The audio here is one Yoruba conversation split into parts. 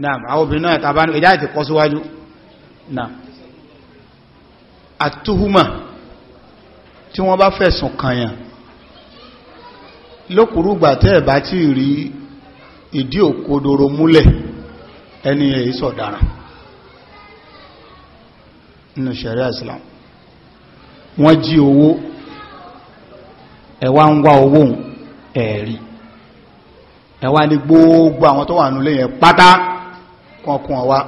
náà àwọn obìnrin náà tàbá ní ìdáyàtì kọ síwájú náà àtúhùmà tí wọ́n bá fẹ̀sùn kànyàn lókùrúgbà tẹ́ẹ̀ bá tí rí ìdí òkodoro múlẹ̀ ẹni èyí sọ̀dára nínú ṣẹ̀rẹ́ Islam wọ́n jí owó ẹwà ń wá owó ẹ̀rí ẹwà ní gbogbo àwọn tó wà nílé yẹn pátá kọkùn ọwá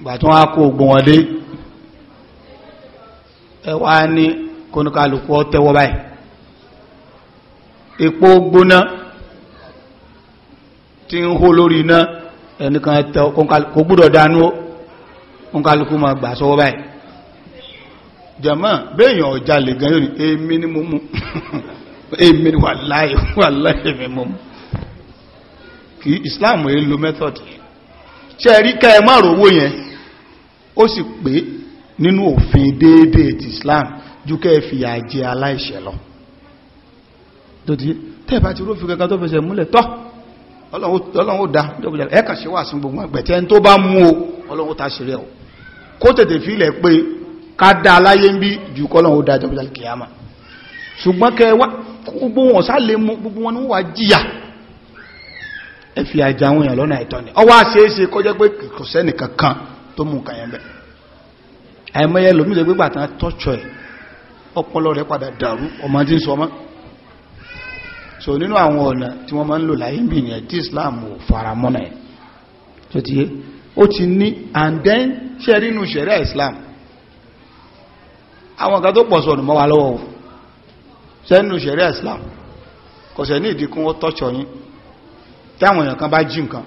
gbàtún á kó ogun wọn dé ẹwà ní kónúkálùkù ọtẹwọ báyìí epo gbóná tí ń hó lórí iná ẹnìkan ẹtẹ kò gbúdọ̀ dánú kónúkálùkù ma gbà sọwọ́ báyìí jẹ̀mọ́ béèyàn ọ̀jà lè gan yóò ní èmi ni mo mú èmi wàláì wàláì mi mú kí islam yìí lo method ṣe rí kẹ́ ẹ má rówó yẹn ó sì pé nínú òfin déédéé ti islam ju kẹ́ ẹ fìyà jẹ aláìṣẹ̀ lọ dòdì tẹ́ bá ti rófin kankan tó fẹsẹ̀ múlẹ̀ tọ́ ọlọ́run ó dá ẹ kàn ṣe wà sí gbogbo àgbẹ̀tẹ́ tó bá mú o ọlọ́run ó ta ṣe rẹ̀ o kó tètè fílẹ̀ pé ká dá aláyé ń bí ju kọ́lọ́run dá jọ́bùjálì kìyàmà ṣùgbọ́n kẹ́ gbogbo wọn sá lè mú gbogbo wọn ní wà jíyà ẹ fi àjà àwọn èèyàn lọ́nà ẹ̀tọ́ ni ọwọ́ àṣeéṣe kọjá pé kò sẹ́nì kankan tó mú nǹkan yẹn bẹ̀ àìmọye lòmí ìjọ gbígbà tán tọ́jọ ẹ̀ ọpọlọ rẹ̀ padà dàrú ọmọ àwọn ọ̀nà fara mọ́nà ẹ̀ tó and then ṣe nínú Islam àwọn kan tó pọ̀ sọ̀nù mọ́ lọ́wọ́ sẹ́nu ṣẹ̀rẹ́ islam kọ̀sẹ̀ ní ìdíkún ó tọ́ṣọ́ yín táwọn èèyàn kan bá jí nǹkan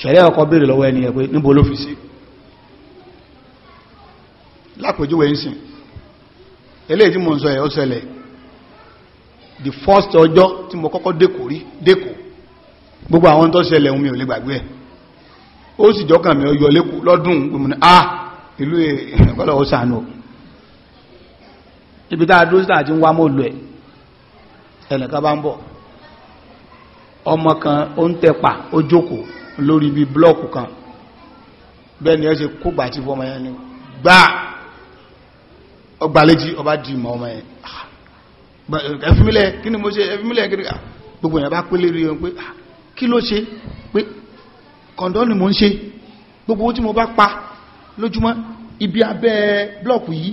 ṣẹ̀rẹ́ ọkọ̀ béèrè lọ́wọ́ ẹni ẹ̀pẹ́ níbo ló fi sí lápèjúwe ń sìn eléyìí tí mo ń sọ ẹ̀ ó ṣẹlẹ̀ the first ọjọ́ tí mo kọ́kọ́ dẹ́kò rí dẹ́kò gbogbo àwọn tó ṣẹlẹ̀ ohun mi ò lè gbàgbé ẹ̀ ó sì jọ́kàn mi ó yọ lẹ́kò lọ́dún ah, ìlú ìrìnkọ́lọ̀ sànú níbi tá a dúró sílẹ̀ àti ń wá mọ́ lọ ẹ̀ ẹnìkan bá ń bọ̀ ọmọ kan ó ń tẹpa ó jókòó lórí ibi blọ́ọ̀kù kan bẹ́ẹ̀ ni ẹ ṣe kó gbà tí fọmọ yẹn ni gbà ọgbàlejì ọba di ìmọ̀ ọmọ yẹn ah! ẹfimilẹ̀ kí ni mo ṣe ẹfimilẹ̀ kí ah! gbogbo yẹn bá pé lérí ẹ pé ah! kí ló ṣe pé kọ̀ǹdọ́ ni mo ń ṣe gbogbo tí mo bá pa lójúmọ́ ibi abẹ́ blọ́ọ̀kù yìí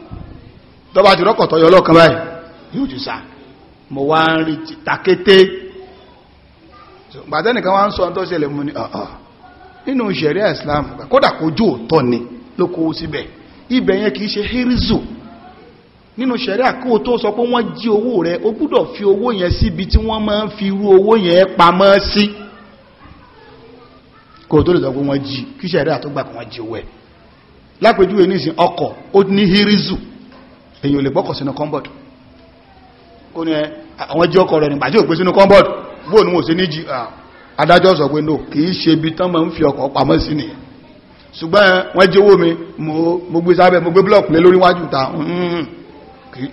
tọ́bá ti rọ́kọ̀ tọ́yọ ọlọ́kan báyìí yóò jù sá mo wá ń rí takété gbàtẹ́nìkan wá ń sọ tó ṣẹlẹ̀ mú ní ọ̀ọ̀ nínú ìṣẹ̀rí Islam kódà kójú òtọ́ ni ló kó síbẹ̀ ibẹ̀ yẹn kìí ṣe hirizu nínú ìṣẹ̀rí àkóò tó sọ pé wọ́n jí owó rẹ̀ ó gbúdọ̀ fi owó yẹn síbi tí wọ́n máa ń fi irú owó yẹn pamọ́ sí kò tó lè sọ pé wọ́n jí kí ìṣẹ̀rí àtúgbà kan wọ́n jí owó ẹ̀ lápèjúwe nísìn ọkọ̀ ó ní hirizu èyí ò lè gbọ́kọ̀ sínú kọ́mbọ̀d kó ní àwọn jí ọkọ̀ rẹ̀ nígbà tí ò gbé sínú kọ́mbọ̀d bóò ní wò sí níjì adájọ́ sọ pé no kì í ṣe ibi tán máa ń fi ọkọ̀ pamọ́ sí nìyẹn ṣùgbọ́n wọ́n jí owó mi mo gbé sábẹ́ mo gbé blọ́ọ̀kù lé lórí wájú ta hmm,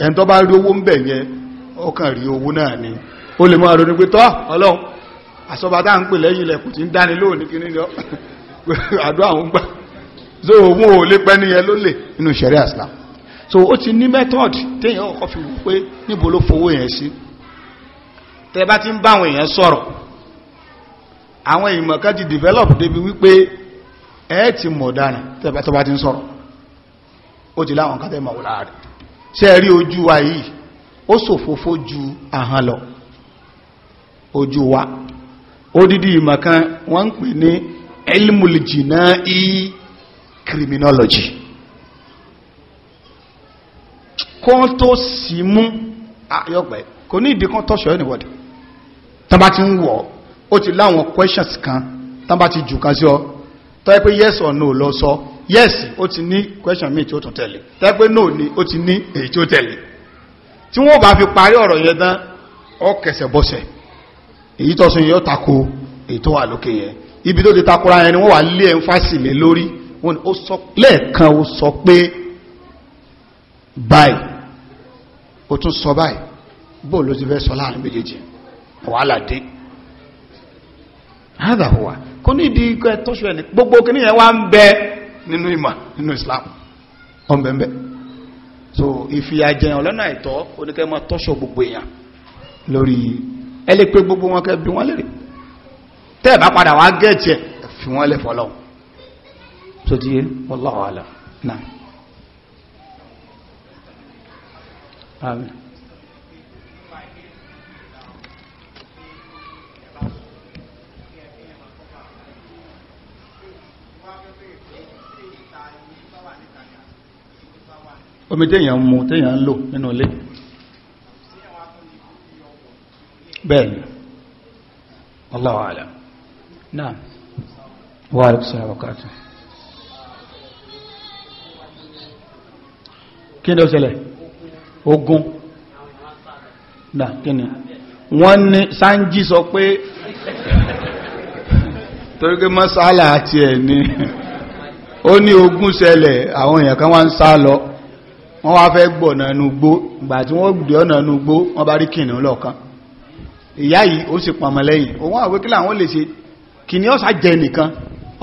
ẹni tó bá rí owó ń bẹ̀ yẹn ọkàn rí owó náà ni ó lè máa ronú pé tọ́ ọlọ́run àsọba tá ń pè lẹ́yìn ilẹ̀kùn tí ń dáni lóòní kí ní àdó àwọn gbà so òun ò lè pẹ́ níyẹn ló lè nínú ṣẹ̀rí àsìlámù so ó ti ní method téèyàn ọkọ̀ fi wù pé níbo ló fowó yẹn sí tẹ bá ti ń bá àwọn èèyàn sọ̀rọ̀ àwọn ìmọ̀ kan ti develop débi wípé ẹ ti mọ̀ dára tẹ bá tọba ti ń sọ̀rọ̀ ó ti láwọn kan tẹ mọ̀ wùlá rẹ̀ ṣe é rí ojú wa yìí ó ṣòfófó ju ahọ́n lọ ojú wa odidi ìmọ̀ kan wọ́n ń pè ní elmul jina'i criminology kó tó sì mú àyọ̀pẹ̀ kò ní ìdí kan tọ́ṣọ́ anybody tán bá ti ń wọ̀ ó ti láwọn questions kan tán bá ti jù kan sí ọ tó pé yes or no lọ sọ yes ó ti ní question míì tí ó tún tẹ̀lé tó pé no ni ó ti ní èyí tí ó tẹ̀lé tí wọ́n bá fi parí ọ̀rọ̀ yẹn tán ọ kẹsẹ̀ bọ́sẹ̀ èyí tó sún yóò tako èyí tó wà lókè yẹn ibi tó ti takora yẹn ni wọ́n wà lé ẹ̀ńfàsì lé lórí wọ́n ni ó sọ lẹ́ẹ̀kan ó sọ pé báyìí ó tún sọ báyìí bó ló ti fẹ́ sọ láàrin méjèèjì wàhálà dé hádà hùwà kò ní ìdí ikọ̀ ẹ̀tọ́sù ẹni gbogbo kìíní yẹn wá ń bẹ nínú ìmọ̀ nínú Islam ọ̀nbẹ̀nbẹ̀ so ìfìyàjẹyàn lọ́nà àìtọ́ oníkẹ́ máa tọ́sọ̀ gbogbo èèyàn lórí ẹ lè pé gbogbo wọn kẹ́ bí wọ́n lérè tẹ́ ẹ̀ bá padà wá gẹ̀ẹ́tì ẹ̀ fi wọ́n lẹ̀ fọlọ́hún so ti yé wallahu alam náà آمين omi téèyàn mú téèyàn ń lò nínú ilé bẹ́ẹ̀ni Allahu a'lam náà wà ní ṣe wákàtí kí ni ó ṣẹlẹ̀ ogun náà kíni wọ́n ní sáńjí sọ pé torí pé mọ́sálà àti ẹ̀ ní ó ní ogun ṣẹlẹ̀ àwọn èèyàn kan wá ń sá lọ wọ́n wá fẹ́ gbọ̀ náà nugbó ìgbà tí wọ́n gbé ọ̀nà nugbó wọ́n bá rí kìnìún lọ́ọ̀kan ìyá yìí ó sì pọ̀mọ̀ lẹ́yìn òun àwẹ́ kí láwọn lè ṣe kìnìún ọ̀sá jẹ nìkan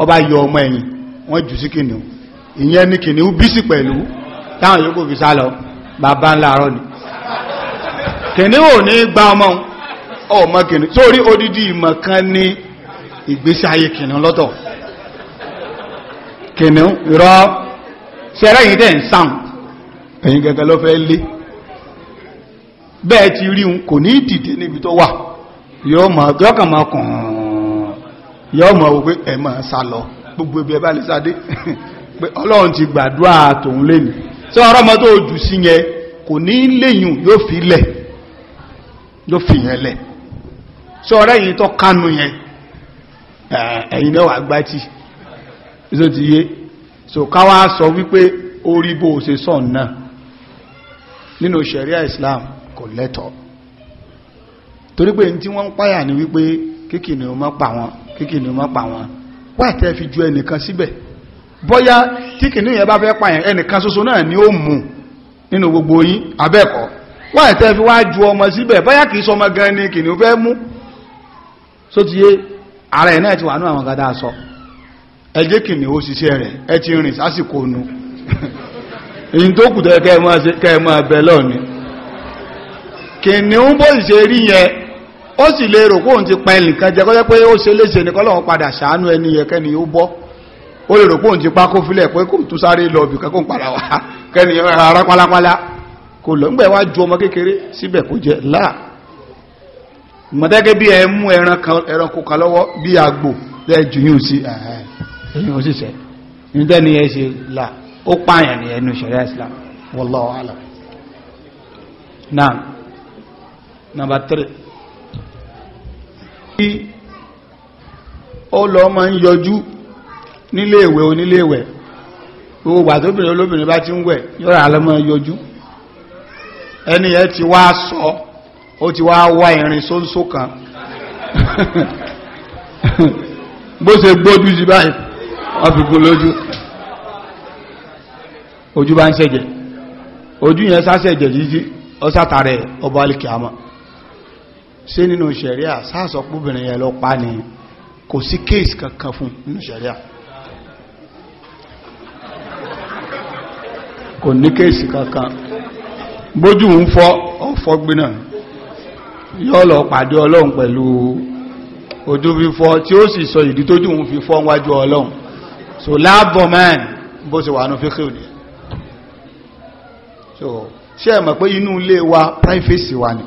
ọba yọ ọmọ ẹ̀yìn wọ́n jù sí kìnìún ìyẹn ni kìnìún bí sí pẹ̀lú táwọn yóò fi sá lọ bàbá ńlá àárọ̀ ni kìnní ò ní gba ọmọ ọmọ kìnní sórí odidi ìmọ̀ kan ní ìgbésí ayé kìnní lọ́tọ̀ kìnní rọ ṣẹlẹ̀ yìí tẹ̀ ń sàn ẹ̀yìn gẹ́gẹ́ ló fẹ́ lé bẹ́ẹ̀ ti rí un kò ní dìde níbi tó wà yóò mọ̀ gọ́kàn mọ̀ kàn yóò mọ̀ wípé ẹ̀ mọ̀ sálọ gbogbo ibi ẹ bá lè sáadé pé ọlọ́run ti gbàdúrà tòun lénìí tí ọ̀rọ̀ ọmọ tó jù sí yẹn kò ní léyìn yóò fi lẹ̀ yóò fi yẹn lẹ̀ tí ọ̀rẹ́ yìí tó kánú yẹn eh, ẹ̀yìn náà wà gbájì ìsò ti yé so káwàá sọ wípé orí bó ṣe sọ náà nínú sharia islam kò lẹ́tọ̀ọ́ torí pé tí wọ́n ń páyà ní wípé kíkì ni ó má pa wọn kíkì ni ó má pa wọn wà fi ju ẹnìkan síbẹ̀ bọ́yá tí kì ní bá fẹ́ pààyàn ẹnìkan ṣoṣo náà ni ó mú nínú gbogbo yín abẹ́ẹ̀kọ́ wọ́n ẹ̀tẹ́ fi wá ju ọmọ síbẹ̀ bọ́yá kìí sọ ọmọ gan ni kì ní ó fẹ́ mú só ti yé ara ẹ̀ náà ti wà sọ kì ní ó ṣiṣẹ́ rẹ̀ ẹ ti rìn sásìkò nu èyí tó kù tẹ́ kẹ́ o lè rò pé òun ti pákó fílẹ̀ tún sáré lọ bìkan kó ń padà kẹ́ni ara pálápálá kò lọ ńgbẹ̀ wá ju ọmọ kékeré síbẹ̀ kó jẹ láà mọ̀dẹ́gẹ́ bí ẹ mú ẹranko kan lọ́wọ́ bí ó lọ ma ń nílé ìwẹ̀ onílé ìwẹ̀ gbogbo ìgbà tóbìnrin olóbìnrin bá ti ń wẹ̀ yọ́rọ̀ alẹ́mọ́ yọjú ẹni ẹ ti wá sọ ó ti wá wá ìrìn sóńsó kan bó ṣe gbójú sí báyìí wọ́n fi gún lójú ojú bá ń ṣẹ̀jẹ̀ ojú yẹn sáṣẹ̀jẹ̀ jíjí ọsátàrẹ ọba alìkìámọ́ ṣé nínú ṣẹ̀ríà sáàsọ̀pọ̀bìnrin yẹn lọ pa ni kò sí kéèsì kankan fún nínú ṣẹ̀ríà kò ní kéèsì kankan bójú ń fọ́ ọ̀fọ́ gbiná yọ́ lọ pàdé ọlọ́run pẹ̀lú ojú fífọ́ tí ó sì sọ ìdí tójú ń fi fọ́ wájú ọlọ́run so láàbọ̀ man bó ṣe wà ní fíkì òní so ṣe ẹ̀mọ̀ pé inú ilé wa privacy wa ni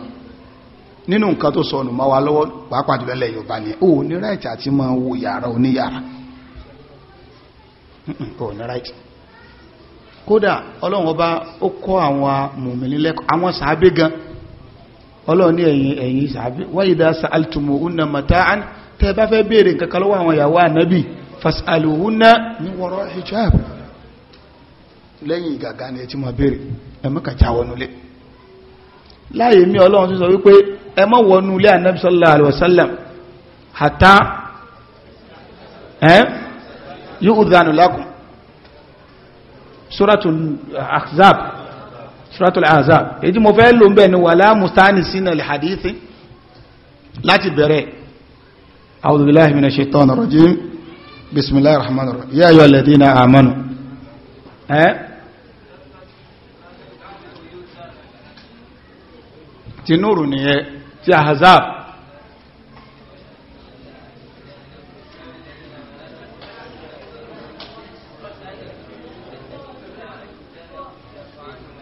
nínú nǹkan tó sọnù máa wa lọ́wọ́ pàápàá jùlọ ilẹ̀ Yorùbá ni ó ní right àti máa wo yàrá oníyàrá ó ní right kódà ọlọ́run ọba ó kọ́ àwọn mùmìnì lẹ́kọ̀ọ́ àwọn sàábé gan ọlọ́run ní ẹ̀yìn ẹ̀yìn sàábé wáyé dá sàáltùmù húnna matáán tẹ́ bá fẹ́ béèrè nǹkan lọ́wọ́ àwọn ìyàwó ànábì fasalu ní ni ẹ ti máa béèrè ẹ má kàjá wọnúlé láyé mi ọlọ́run tún sọ wípé ẹ má wọnúlé ànábì sallallahu alaihi wasallam hàtá ẹ́ yóò dànù lákùn suratul ahzab suratul ahzab èyí tí mo fẹ́ lò ń bẹ̀ ni wàlá mustani sínú alhadithi láti bẹ̀rẹ̀ a'udhu billahi minash shaitani rajim bismillahir rahmanir rahim ya ayyuhal ladhina amanu eh tinuru nìyẹn ti ahzab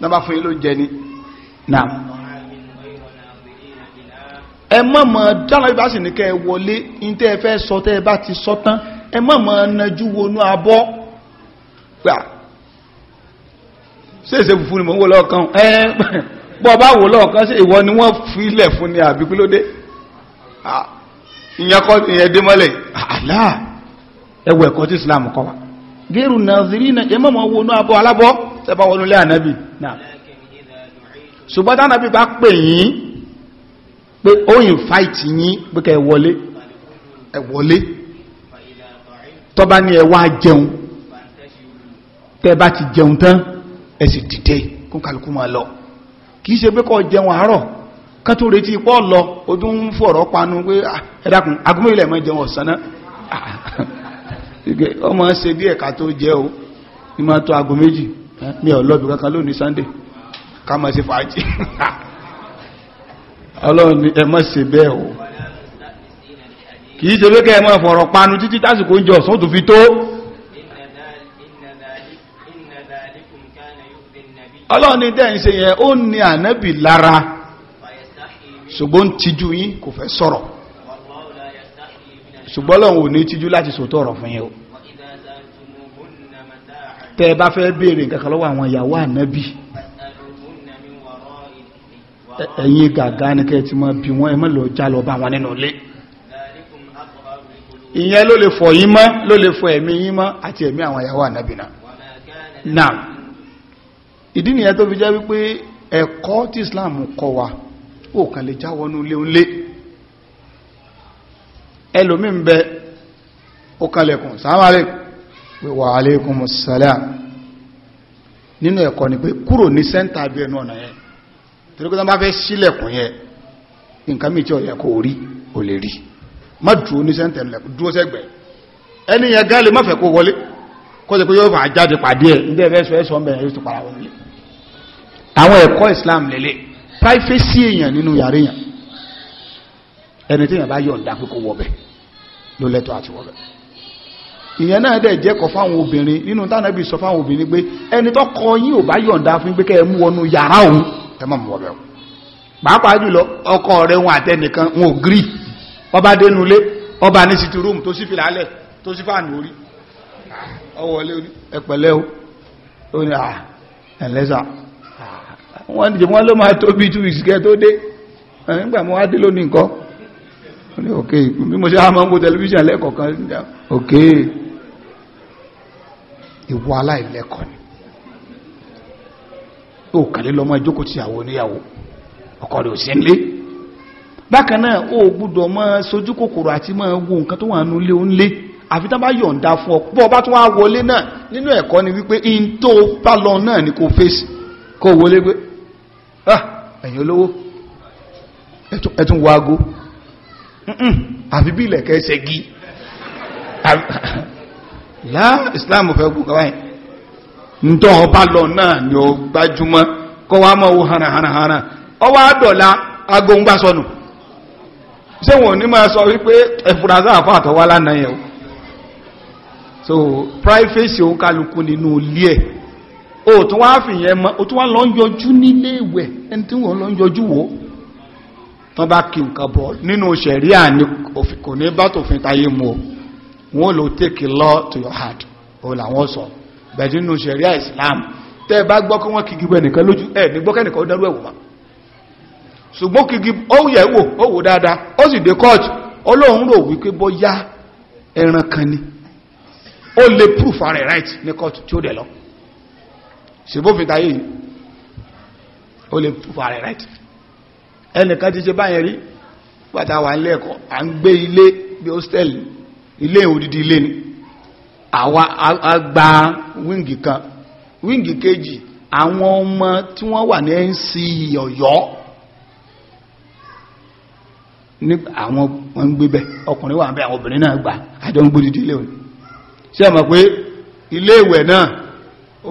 náà bá fún yín ló ń jẹ ni náà ẹ mọ̀ mọ̀ dáná bí bá sì ní kẹ́ ẹ wọlé ní tẹ́ ẹ fẹ́ sọ tẹ́ ẹ bá ti sọ tán ẹ mọ̀ mọ̀ nájú wọnú abọ́ gbà ṣe ìṣe fùfú ni mò ń wò lọ́ọ̀kan ẹ bọ́ bá wò lọ́ọ̀kan ṣe ìwọ ni wọ́n fi ilẹ̀ fún ni àbí kílódé ìyẹn kọ́ ìyẹn dé mọ́lẹ̀ àlá ẹ wo ẹ̀kọ́ tí Islam kọ́ wa. gẹ́rù nàzírínà ẹmọ́ mọ́ wọnú abọ́ alábọ́ tẹba wọnú lé ànábì náà ṣùgbọ́n tánàbì bá pè yín pé ó fáìtì yín pé kẹ wọlé ní ẹwà jẹun tẹba ti jẹun tán ẹsì dìde kún kálukú lọ kìí ṣe pé jẹun àárọ̀ retí pọ́ lọ ojú ń fọ̀rọ̀ panu pé ah, ẹ̀dàkùn agúnmọ̀ ilẹ̀ mọ́ jẹun ọ̀sán ọmọ ṣe bí ẹ̀ka tó jẹ́ o ní máa tó aago méjì mi ò lọ́bi kankan lónìí sunday ká máa ṣe fàájì ọlọ́run ni ẹ má ṣe bẹ́ẹ̀ o kì í ṣe pé kẹ́ ẹ máa fọ̀rọ̀ panu títí tásìkò oúnjẹ ọ̀sán tó fi tó ọlọ́run ni dẹ́yìn ṣe yẹn ó ní ànábì lára ṣùgbọ́n tijú yín kò fẹ́ sọ̀rọ̀ ṣùgbọ́n Ọlọ́run ò ní tíjú láti sòtọ́ ọ̀rọ̀ fún yín o tẹ́ bá fẹ́ béèrè nǹkan kan lọ́wọ́ àwọn ìyàwó ànábì ẹ̀yin gàgá ní kẹ́ ti mọ́ bí wọ́n ẹmọ́ lọ já lọ bá wọn nínú ilé ìyẹn ló lè fọ̀ yín mọ́ ló lè fọ̀ ẹ̀mí yín àti ẹ̀mí àwọn ìyàwó ànábì náà ìdí nìyẹn tó fi jẹ́ wípé ẹ̀kọ́ tí Islam kọ wa ó kàn lè jáwọ́nú lé ẹlòmí ń bẹ ó kalẹ̀kùn pé wà nínú ẹ̀kọ́ ni pé kúrò ní sẹ́ntà bí ẹnu ọ̀nà yẹn torí bá fẹ́ sílẹ̀kùn yẹn nǹkan mìí tí ó yẹ rí ò lè rí má dúró ní sẹ́ntà ẹ̀lẹ́kùn dúró sẹ́gbẹ̀ ẹni yẹn gálẹ̀ má fẹ́ kó wọlé kó pé yóò Islam lélẹ̀ èèyàn nínú yàrá èèyàn ẹni tí yẹn bá yọ̀ǹda pé kó wọbẹ̀ ló lẹ́tọ̀ àti wọbẹ̀ ìyẹn náà dẹ̀ jẹ́ kọ fáwọn obìnrin nínú tánàbí sọ fáwọn obìnrin pé ẹni tó kọ yín ò bá fún pé kẹ́ ẹ mú wọnú yàrá òun ẹ má mú wọbẹ̀ o pàápàá jùlọ ọkọ rẹ̀ wọn àtẹnìkan wọn ò gírì ọba dénú ilé ọba ní sítì rúùmù tó sì o ah, ní òkè bí mo ṣe á máa ń bó tẹlifíṣàn lẹ́kọ̀ọ́kan òkè ìwọ aláìlẹ́kọ̀ọ́ ni ó kàlẹ́ lọ́mọ ìjókòó ti àwọn oníyàwó ọkọ rẹ̀ ò sí nílé bákan náà ó gbúdọ̀ mọ́ sojú kòkòrò àti mọ́ wo nǹkan tó wà nú lé ó ń lé àfi tán bá yọ̀ǹda fún ọ pọ́ bá tún wá wọlé náà nínú ẹ̀kọ́ ni wípé in tó bá lọ náà ni kò fèsì kó wọlé pé ah ẹ̀yin olówó ẹ̀tún wago àfi bí ilẹ̀ kẹsẹ̀ gí láà islam fẹ́ gùn kọwàá ń tọ́ ọba lọ náà ni ó gbájúmọ́ kọ́ wá mọ́ hara hara ọwá dọ̀lá agbóngbá sọnù ṣé wọn ní máa sọ wípé ẹ̀fùrasá àfọ́ àtọwá lánàá o so privacy òun kálukú nínú ilé ẹ̀ o tún wá fìyẹn o tún lọ nílé ìwẹ̀ ẹni lọ tán bá kí nǹkan bọ̀ nínú ṣẹ̀ríà ní kò ní bá tòfin táyé mu wọn ló take law to your heart o làwọn sọ bẹ̀ẹ̀ nínú ṣẹ̀ríà Islam tẹ́ bá gbọ́ kí wọ́n kí gbẹ́ nìkan lójú ẹ̀ ní gbọ́kẹ́ nìkan ó dárú ẹ̀wò wa ṣùgbọ́n kí gbẹ́ ó yẹ̀ wò ó wò dáadáa ó sì dé court olóhun rò wípé bóyá ẹran kan ni ó lè proof ara right ní court tí ó dẹ̀ lọ ṣùgbọ́n fi táyé yìí ó lè proof ara right ẹnìkan ti ṣe báyẹn rí pàtà wà nílé ẹ̀kọ́ à ń gbé ilé bí hostel ilé òdìdí ilé ni àwa àgbà wíǹgì kan wíǹgì kejì àwọn ọmọ tí wọ́n wà ní nc ọ̀yọ́ ní àwọn wọn gbé bẹ ọkùnrin wà ń bẹ àwọn obìnrin náà gbà àjọ ń gbódìdí ilé òní ṣé ẹ pé ilé ìwẹ̀ náà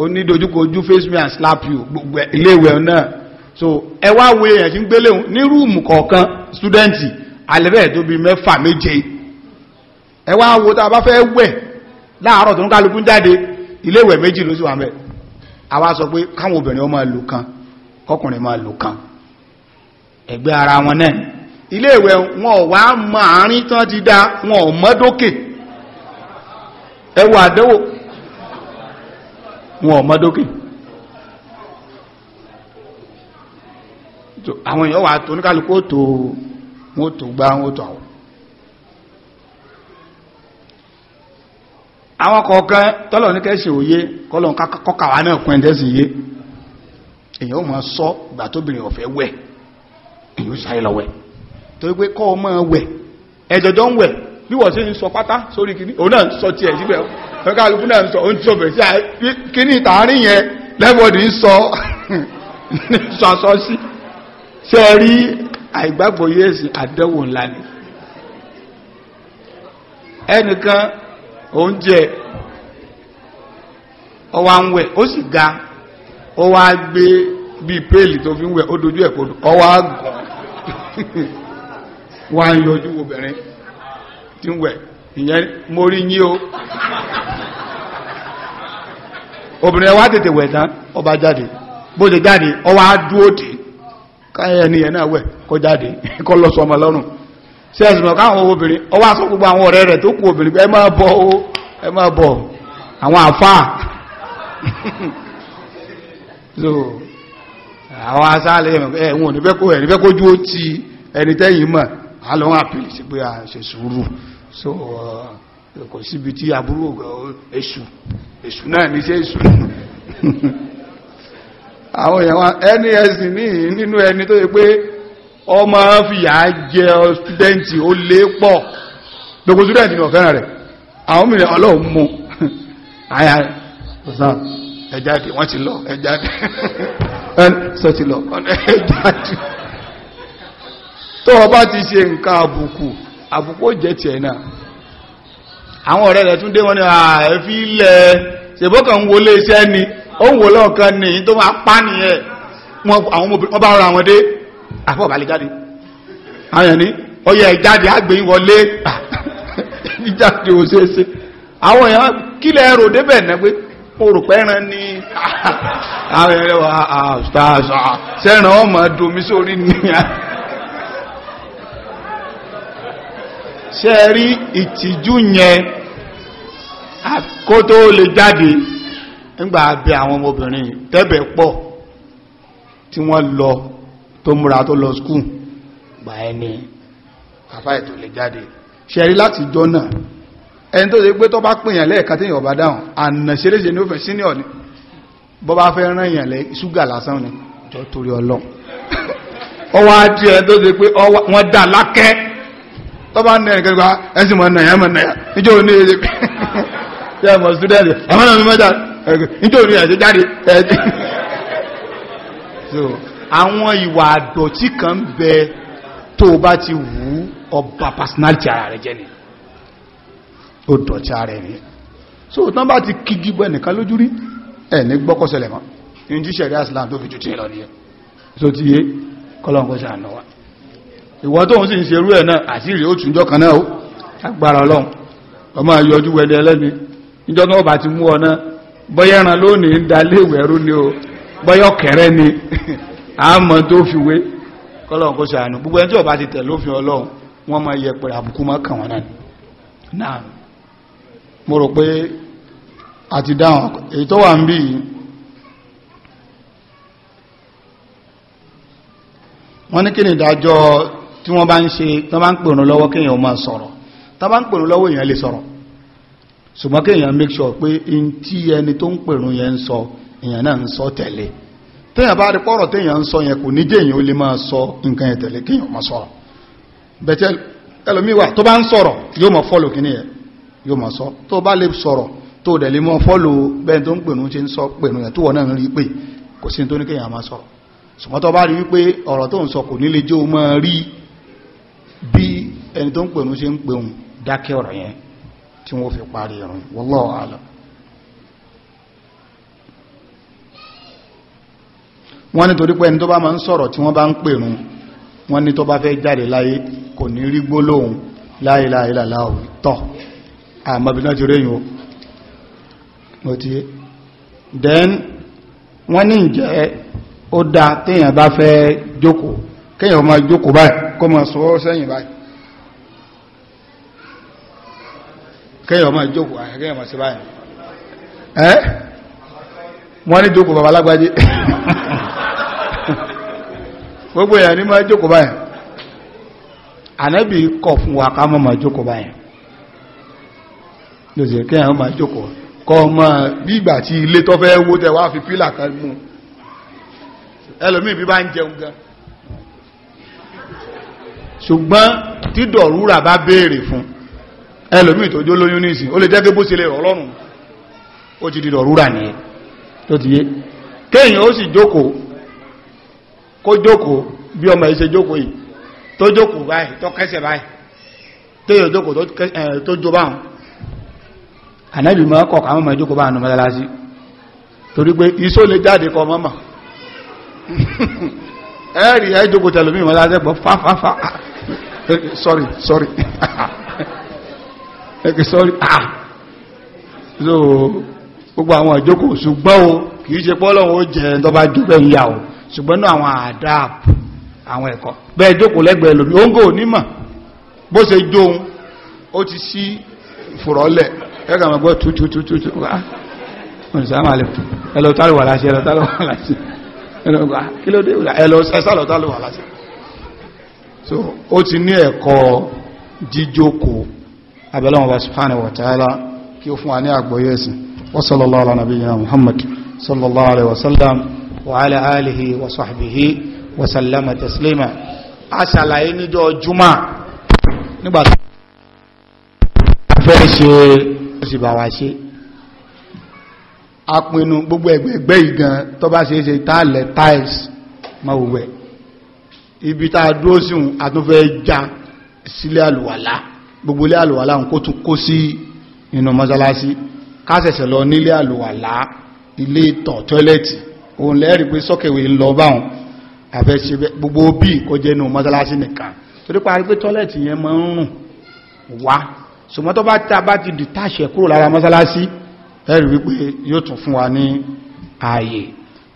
onídojúkojú face me and slap you gbogbo ilé ìwẹ̀ náà so ẹwà wo èèyàn tí ń gbélé ní rúùmù kọ̀ọ̀kan stúdẹ́ǹtì alẹ́bẹ̀ tó bí mẹ́fà méje ẹwà wo tá a bá fẹ́ wẹ̀ láàárọ̀ tó ń kálukú jáde iléèwẹ̀ méjì ló sì wà mẹ́ kan kọkùnrin ma lò kan ẹgbẹ́ ara wọn náà iléèwẹ̀ wọn wá tán ti dá wọn àwọn èèyàn wà tó oníkàlùkù ó tó wọ́n tó gbá wọ́n tó àwọn àwọn kọ̀ọ̀kan tọ́lọ̀ ní kẹ́sì òye kọ́lọ̀ kọ́kàwà náà kún ẹ̀dẹ́sì yé èyàn ma sọ gbà tóbìnrin ọ̀fẹ́ wẹ̀ èyàn sáré lọ wẹ̀ torí pé kọ́ ọmọ wẹ̀ ẹjọjọ́ ń wẹ̀ bí wọ́n sí ń sọ pátá sórí kìíní òun náà sọ tiẹ̀ síbẹ̀ ọkàlùkù náà sọ oúnjẹ ọbẹ̀ sí kìíní ìtàárín yẹn lẹ́bọ̀dì ń sọ sọ sí ṣe rí àìgbàgbọ́ yéèsì àdánwò ńlá ni ẹnìkan oúnjẹ ọwọ́ ń wẹ̀ ó sì ga ọwọ́ gbé bíi péèlì tó fi ń wẹ̀ ó dojú ẹ̀ kodò ọwọ́ á ń yọjú obìnrin tí ń wẹ̀ ìyẹn o obìnrin wa tètè wẹ̀ tán jáde bó ṣe ẹni yẹn náà wẹ̀ kọ jáde kọ lọ sọ ọmọ lọ́rùn sí ẹ̀sùn náà káwọn obìnrin ọwọ́ aṣọ gbogbo àwọn ọ̀rẹ́ rẹ̀ tó kú obìnrin pé ẹ máa bọ̀ o ẹ máa bọ̀ àwọn àfáà so àwọn aṣáálẹ̀ ẹ̀wọ̀n níbẹ̀ kó ju ó ti ẹni tẹ́yìn mọ̀ á wọn àpèlè sí pé a ṣe sùúrù so kò síbi tí aburú èṣù èṣù náà ní ṣe èṣù àwọn èèyàn NASD ní nínú ẹni tó yẹ pé ọmọ fìyà jẹ stúdẹ́ǹtì ó lé pọ̀ gbogbo stúdẹ́ǹtì ní ọ̀fẹ́ràn rẹ̀ àwọn mìíràn ọlọ́run mú àyà ọ̀sán wọ́n ti lọ ẹ̀jáde ẹ̀sọ́ ti lọ ẹ̀jáde tó o bá ti ṣe nǹkan àbùkù àbùkù jẹ́ tiẹ̀ náà àwọn ọ̀rẹ́ rẹ̀ tún dé wọn ni ilẹ̀ ṣèbọ́kàn wọlé iṣẹ́ ni ó ń wò lọ́ọ̀kan ní tó máa pa nìyẹn wọ́n bá ra àwọn dé àfọ̀bàlẹ̀ jáde àwọn ẹni ọyẹ ìjáde àgbẹ̀yìn wọlé ìjáde ò ṣe é ṣe àwọn èèyàn kílẹ̀ rò débẹ̀ náà o mo rò pé ẹran ní àwọn ẹ̀rẹ́ wa sẹ́ran ọmọ domi sórí nìyà ṣe rí ìtìjú yẹn kó tó lè jáde ńgbà abẹ àwọn ọmọbìnrin tẹ́bẹ̀ pọ̀ tí wọ́n lọ tó múra tó lọ skúù gbà ẹni kàfà ètò lè jáde ṣẹ̀rí láti jọ náà ẹni tó ṣe pé tó bá pèèyàn lẹ́ẹ̀kan tí èèyàn bá dáhùn àna ṣeréṣe ní ó fẹ́ sínìọ̀ ni bọ́ bá fẹ́ rán èèyàn lẹ́ ṣúgà lásán ni jọ torí ọlọ́ ọwọ́ àti ẹ̀ nítorí ẹ̀ṣẹ́ jáde ẹ̀ṣẹ́ so àwọn ìwà àdọ̀tí kan bẹ tó bá ti wù ọba personality ara rẹ̀ jẹ́ ó dọ̀tí ara rẹ̀ so tán bá ti kígi bọ ẹnìkan lójú rí ẹ̀ ní mọ́ in jí aslam tó fi jù tí lọ so ti yé kọ́lọ́nkọ́ sí àná wa ìwọ tó ń sì ń ṣerú ẹ̀ náà àṣírí ó túnjọ́ náà bá ti mú ọ náà bọ́yá ẹran lónìí ń da léèwé ẹrú ni o bọ́yá ọ̀kẹ́rẹ́ ni àmọ́ tó fi wé kọ́lọ́n kó ṣàánú gbogbo ẹni tí ó bá ti tẹ̀ lófin ọlọ́run wọ́n máa yẹ pẹ̀lú àbùkù máa kàn wọ́n náà náà mo rò pé a dáhùn èyí tó wà ń bí wọ́n ní kí ni ìdájọ́ tí wọ́n bá ń ṣe tán bá ń pèrún lọ́wọ́ kéèyàn máa sọ̀rọ̀ tán bá ń pèrún lọ́wọ́ èèyàn lè sọ̀rọ̀ ṣùgbọ́n kí èyàn make sure pé in tí ẹni tó ń pèrún yẹn ń sọ èyàn náà ń sọ tẹ̀lé téèyàn bá rí pọ́rọ̀ téèyàn ń sọ yẹn kò ní jẹ́ èyàn ó lè máa sọ nǹkan yẹn tẹ̀lé kéèyàn máa sọ̀rọ̀ bẹ̀tẹ̀ ẹlòmíwà tó bá ń sọ̀rọ̀ yóò máa fọ́lò kíní yẹn yóò máa sọ tó bá lè sọ̀rọ̀ tó dẹ̀ lè máa fọ́lò bẹ́ẹ̀ tó ń pèrún ṣe ń sọ pèrún yẹn tó wọ́n náà rí pé kò sí tó ní kéèyàn ń sọ kò dákẹ́ ọ̀rọ̀ yẹn tí wọ́n fi parí ìrun wallahu a'lam wọ́n ní torí pé ẹni tó bá ma ń sọ̀rọ̀ tí wọ́n bá ń pèrún wọ́n ní tó bá fẹ́ jáde láyé kò ní rí gbólóhùn la ilaha illallah tọ́ àmàbìnà ti rẹ̀yìn then wọ́n ní ìjẹ́ ó dá téèyàn bá fẹ́ jókòó kéèyàn máa jókòó báyìí kẹ́yàn ọmọ ìjókòó àkẹ́kẹ́yàn ọmọ sí báyìí ẹ́ wọ́n ní jókòó bàbá lágbájé gbogbo èèyàn ní máa jókòó báyìí ànábì kọ̀ fún wa ká mọ́ máa jókòó báyìí lóṣè kẹ́yàn ọmọ jókòó kọ́ ọmọ bí ìgbà tí ilé tó fẹ́ wó tẹ wá fi pílà kan mú ẹlòmíì bí bá ń jẹun gan ṣùgbọ́n tí dọ̀rúrà bá béèrè fún un ẹlòmí tó jó lóyún ní ìsìn ó lè jẹ́ pé bó ṣe lè rọ̀ lọ́rùn ó ti dìdọ̀ rúra nìyẹn tó ti yé kéèyàn ó sì jókòó kó jókòó bí ọmọ ìṣe jókòó yìí tó jókòó báyìí tó kẹsẹ̀ báyìí téèyàn jókòó tó jó báhùn ànábì mọ́ ẹ̀rì ẹjókòó tẹlòmí mọ́lásẹ́gbọ́ fáfáfá sorry sorry ẹgbẹ́ sọ́rí ah so gbogbo àwọn ìjókòó ṣùgbọ́n o kìí ṣe pọ́lọ́wọ́ jẹ́ tó bá dúpẹ́ ìyà o ṣùgbọ́n náà àwọn àdáàp àwọn ẹ̀kọ́ bẹ́ẹ̀ jókòó lẹ́gbẹ̀ẹ́ lómi oúnjẹ ò nímọ̀ bó ṣe jóun ó ti sí fùrọ́lẹ̀ ẹgbẹ́ àwọn ọgbọ́ tutututu ẹlọ tálùwà láṣẹ ẹlọ tálùwà láṣẹ ẹlọ sálọ ah! tálùwà láṣẹ so ó ti ní ẹ̀kọ́ jíjókòó abẹ́lẹ́wọ̀n bá subhanahu wa ta'ala kí ó fún wa ní àgbọ́yé ẹ̀sìn wa sallallahu ala nabiyyina muhammad sallallahu alaihi wasallam wa ala alihi wa sahbihi wa sallama taslima a ṣàlàyé níjọ́ juma nígbà ibi tá a dúró síhun àtúnfẹ́ já sílé àlùwàlá gbogbo ilé àlùwàlá ń kó tún kó sí inú mọ́sálásí kásẹ̀sẹ̀ lọ nílé àlùwàlá ilé ìtọ̀ tọ́ẹ̀lẹ̀tì òun lẹ́rìí pé sọ́kẹ̀wé ń lọ báwọn àfẹ́ṣe gbogbo bí ìkọjẹ́ inú mọ́sálásí nìkan torí parí pé tọ́ẹ̀lẹ̀tì yẹn máa ń rùn wá ṣùgbọ́n bá tá bá ti dìtáṣẹ̀ kúrò lára mọ́sálásí ẹ̀rì wípé yóò tún fún wa ní ààyè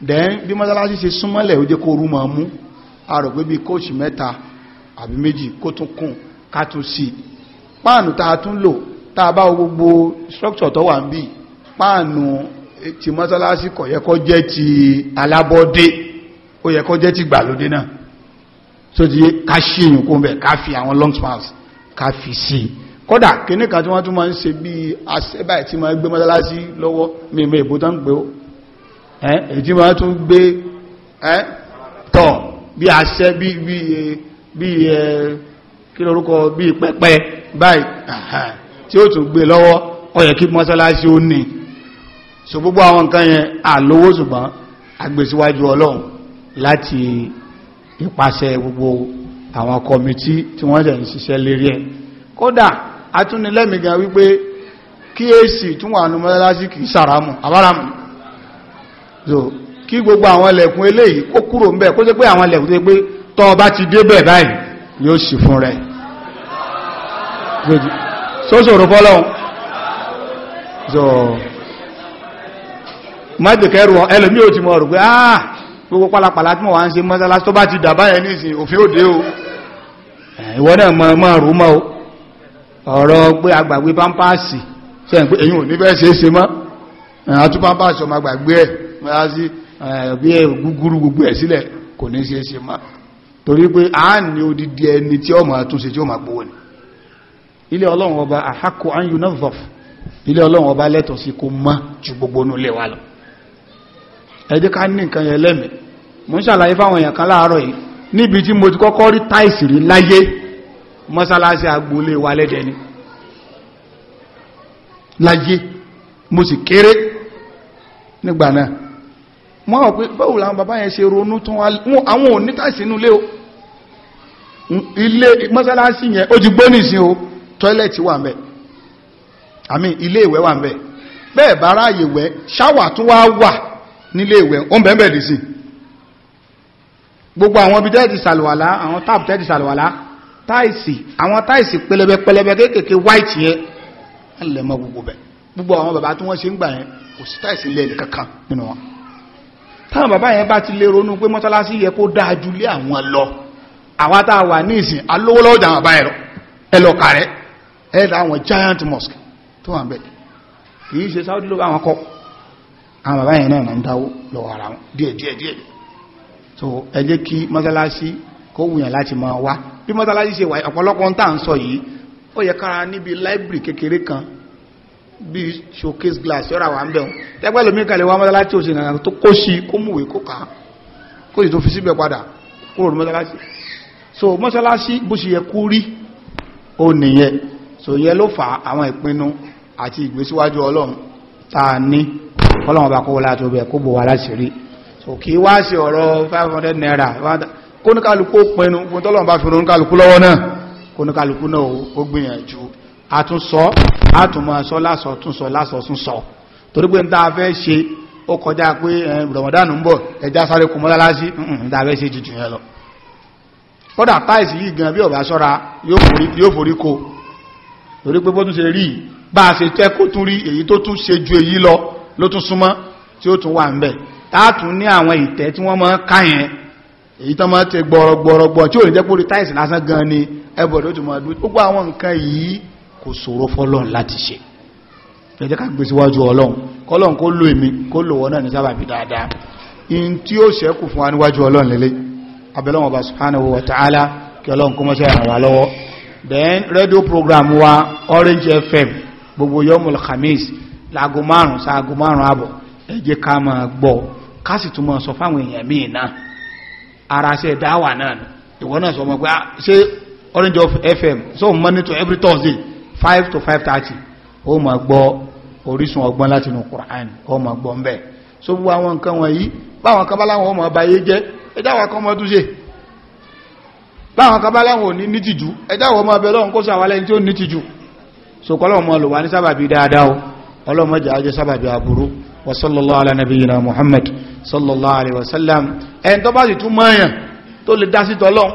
dẹ́n bí mọ́sálásí ṣe súnmọ́lẹ̀ ó jẹ́ kó rú máa mú a rò pé bí kóòṣì mẹ́ta àbí méjì kó tún kùn ká tún sí páànù tá a tún lò tá bá gbogbo structure tó wà ń bí páànù ti mọ́sálásí kò yẹ kó jẹ́ ti alábọ́dé ó yẹ jẹ́ ti gbàlódé náà tó ti ká ṣe èyàn kó ń bẹ̀ ká fi àwọn long spans ká fi sí kódà kíní kan tí wọ́n tún máa ń ṣe bí asẹ́bà tí máa gbé mọ́sálásí lọ́wọ́ mímọ̀ ìbò tán gbé ó èyí tí máa tún gbé tọ̀ bí asẹ́ bí bí bí kí lórúkọ bí pẹ́pẹ́ báyìí tí ó tún gbé lọ́wọ́ ó yẹ kí mọ́sálásí ó ní so gbogbo àwọn nǹkan yẹn àlówó ṣùgbọ́n agbèsíwájú ọlọ́run láti ìpasẹ̀ gbogbo àwọn kọmití tí wọ́n jẹ́ ń ṣiṣẹ́ lérí ẹ̀ kódà atúnilẹ́mìgan wípé kí èsì tún wà ní mọ́sálásí kìí sàrámù àbáramù so kí gbogbo àwọn ẹlẹ́kùn eléyìí kó kúrò ń bẹ̀ kó jẹ́ pé àwọn ẹlẹ́kùn tó pé tọ́ ọba ti dé bẹ̀ báyìí yóò sì fún rẹ̀ àforíjì sóṣòro fọ́lọ́un so mọ́dìkẹrù ẹlòmí ò ti mọ̀ rùgbé ah gbogbo pálapàlá tí mọ̀ wá ń ṣe mọ́sálásí tó bá ti dàbá ẹ̀ ní ìsìn òfin òde o ìwọ náà mọ̀ mọ̀ rú mọ́ ọ̀rọ̀ pé agbàgbé pampasì sẹ́yìn pé èyí ò ní bẹ́ẹ̀ ṣeéṣe mọ́ àtú pampasì ọmọ agbàgbé ẹ̀ mọ́ra sí bí ẹ̀ gúgúrú gbogbo ẹ̀ sílẹ̀ kò ní ṣeéṣe mọ́ torí pé àá ní odidi ẹni tí ọmọ àtúnṣe tí ó máa gbowó ni ilé ọlọ́run ọba àhákò anyunazof ilé ọlọ́run ọba lẹ́tọ̀ sí kó mọ́ gbogbo inú ilé wa lọ ẹjẹ́ ká ní nǹkan yẹn lẹ́mì mo fáwọn èèyàn kan láàárọ̀ yìí mo ti kọ́kọ́ rí táìsì rí agboolé wa lẹ́dẹ̀ ni láyé mo sì kéré nígbà náà mo pé báwo làwọn bàbá yẹn ṣe ronú wá àwọn o ilé mọ́sálásí yẹn o tọ́ílẹ̀tì wà mẹ́ àmì ilé ìwẹ̀ wà mẹ́ bẹ́ẹ̀ bá ráàyè wẹ̀ ṣáwà tún wá wà nílé ìwẹ̀ ó ń bẹ́ẹ̀ bẹ́ẹ̀ dì sí gbogbo àwọn ibi tẹ́ẹ̀dì sàlùwàlá àwọn táàbù tẹ́ẹ̀dì sàlùwàlá táìsì àwọn táìsì pẹlẹbẹ pẹlẹbẹ kéékèèké white yẹn ń lẹ̀ mọ́ gbogbo bẹ̀ gbogbo àwọn bàbá tí wọ́n ṣe ń gbà yẹn kò sí táìsì lé ẹnì kankan nínú wọn táwọn bàbá yẹn bá ti lè ronú pé mọ́sálásí yẹ kó dáa ju lé àwọn lọ àwa tá a wà ní ìsìn alówólọ́jà bàbá ẹ̀rọ ẹlọ́kà rẹ̀ ẹ̀dà àwọn giant mosque tó wà ń bẹ̀ kìí ṣe Saudi ló bá wọn kọ́ àwọn bàbá yẹn náà ń dáwó lọ́wọ́ ara wọn díẹ̀ díẹ̀ díẹ̀ so ẹ jẹ́ kí mọ́sálásí kó wùyàn láti máa wá bí mọ́sálásí ṣe wà ọ̀pọ̀lọpọ̀ ń tà sọ yìí ó yẹ kára níbi library kékeré kan bí showcase glass yọ́ra wà ń bẹ̀ wọn tẹ́gbẹ́ lómi kalẹ̀ wá mọ́sálásí ò sí nǹkan tó kó sí kó múwèé kó kà kó sì tó fi síbẹ̀ padà kúrò ní mọ́sálásí so mọ́sálásí bó ṣe yẹ kú rí ó nìyẹn so yẹ ló fà àwọn ìpinnu àti ìgbésíwájú ọlọ́run tá a ní ọlọ́run ọba kó wọlá tó bẹ̀ kó bò wá láti rí so kì í wá sí ọ̀rọ̀ 500 naira kóníkàlùkù pinnu fún tọ́lọ́run bá fi ronúkàlùkù lọ́wọ́ náà kóníkàlùkù náà ó gbìyànjú àtúnsọ àtúnmọ̀ ẹ̀sọ́ lásọ̀ túnsọ lásọ̀ túnsọ torí pé ń tá a fẹ́ ṣe torí pé bó tún ṣe rí bá a ṣe tẹ́ kó tún rí èyí tó tún ṣe ju èyí lọ ló tún súnmọ́ tí ó tún wà ń bẹ̀ táàtún ní àwọn ìtẹ́ tí wọ́n máa ká yẹn èyí tán máa tẹ gbọ̀rọ̀gbọ̀rọ̀gbọ̀ tí ò ní jẹ́ pé orí táìsì lásán gan ni ẹbọ̀ ló tún máa dúró gbogbo àwọn nǹkan yìí kò ṣòro fọlọ́n láti ṣe fẹ́jẹ́ ká gbé síwájú ọlọ́run kọ́lọ́n kó then radio program wa orange fm gbogbo yomul khamis láago márùn sáago márùn àbọ̀ ẹ ma ká máa gbọ́ ká sọ fáwọn èèyàn míì náà ara ṣe dáwà náà ìwọ náà sọ mọ́ pé ah, ṣé orange fm so to every thursday five to five thirty ó máa gbọ orísun ọgbọ́n láti inú quran ó máa gbọ ń so gbogbo àwọn nǹkan wọ̀nyí báwọn kan bá láwọn ọmọ ọba ẹ dáwà báwọn kan bá lẹ́wọ̀n ní nítìjú ẹjá wọ́n mọ́ ọbẹ̀ lọ́wọ́n kó sọ àwálẹ́ tí ó nítìjú so kọlọ́wọ́n lò wá ní sábàbí dáadáa o ọlọ́mọjà ajé sábàbí aburú wa muhammad sallallahu wasallam ẹni tó bá sì tún mọ́yàn tó lè dá sí tọ́lọ́n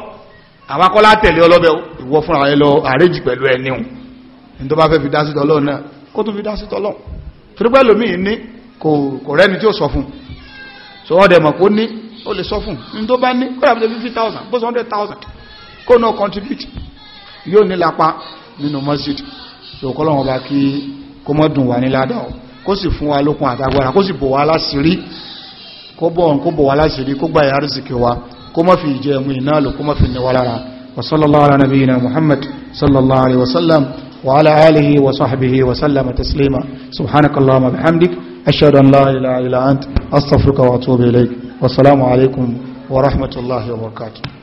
àwọn akọ́lá tẹ̀lé ọlọ́bẹ̀ ìwọ fún àwọn ẹlọ àrẹ́jì pẹ̀lú ẹni o ẹni tó bá fẹ́ fi dá sí tọ́lọ́n náà kó tún fi dá sí tọ́lọ́n torí pẹ́ lómi ní so wọ́n mọ̀ kó ní ó lè sọ fún ní tó bá ní kó yàtọ̀ 50,000 bó sọ 100,000 kó náà contribute yóò nílapa nínú masjid tó kọ́ lọ́wọ́ bá kí kó mọ́ dùn wà ní ládà ọ́ kó sì fún wa lókun àtagbára kó sì bò wá láṣìírí kó bọ̀ kó bò wá láṣìírí kó gbà yàrá sì kí wa kó mọ́ fi ìjẹ ẹ̀mú iná lò kó mọ́ fi ní wa lára wa sallallahu ala nabiyyina muhammad sallallahu alaihi wasallam wa ala alihi wa sahbihi wa sallama taslima subhanakallahumma bihamdik ashhadu an la ilaha illa ant astaghfiruka wa atubu ilaik wa assalamu alaikum wa rahmatullahi wa barakatuh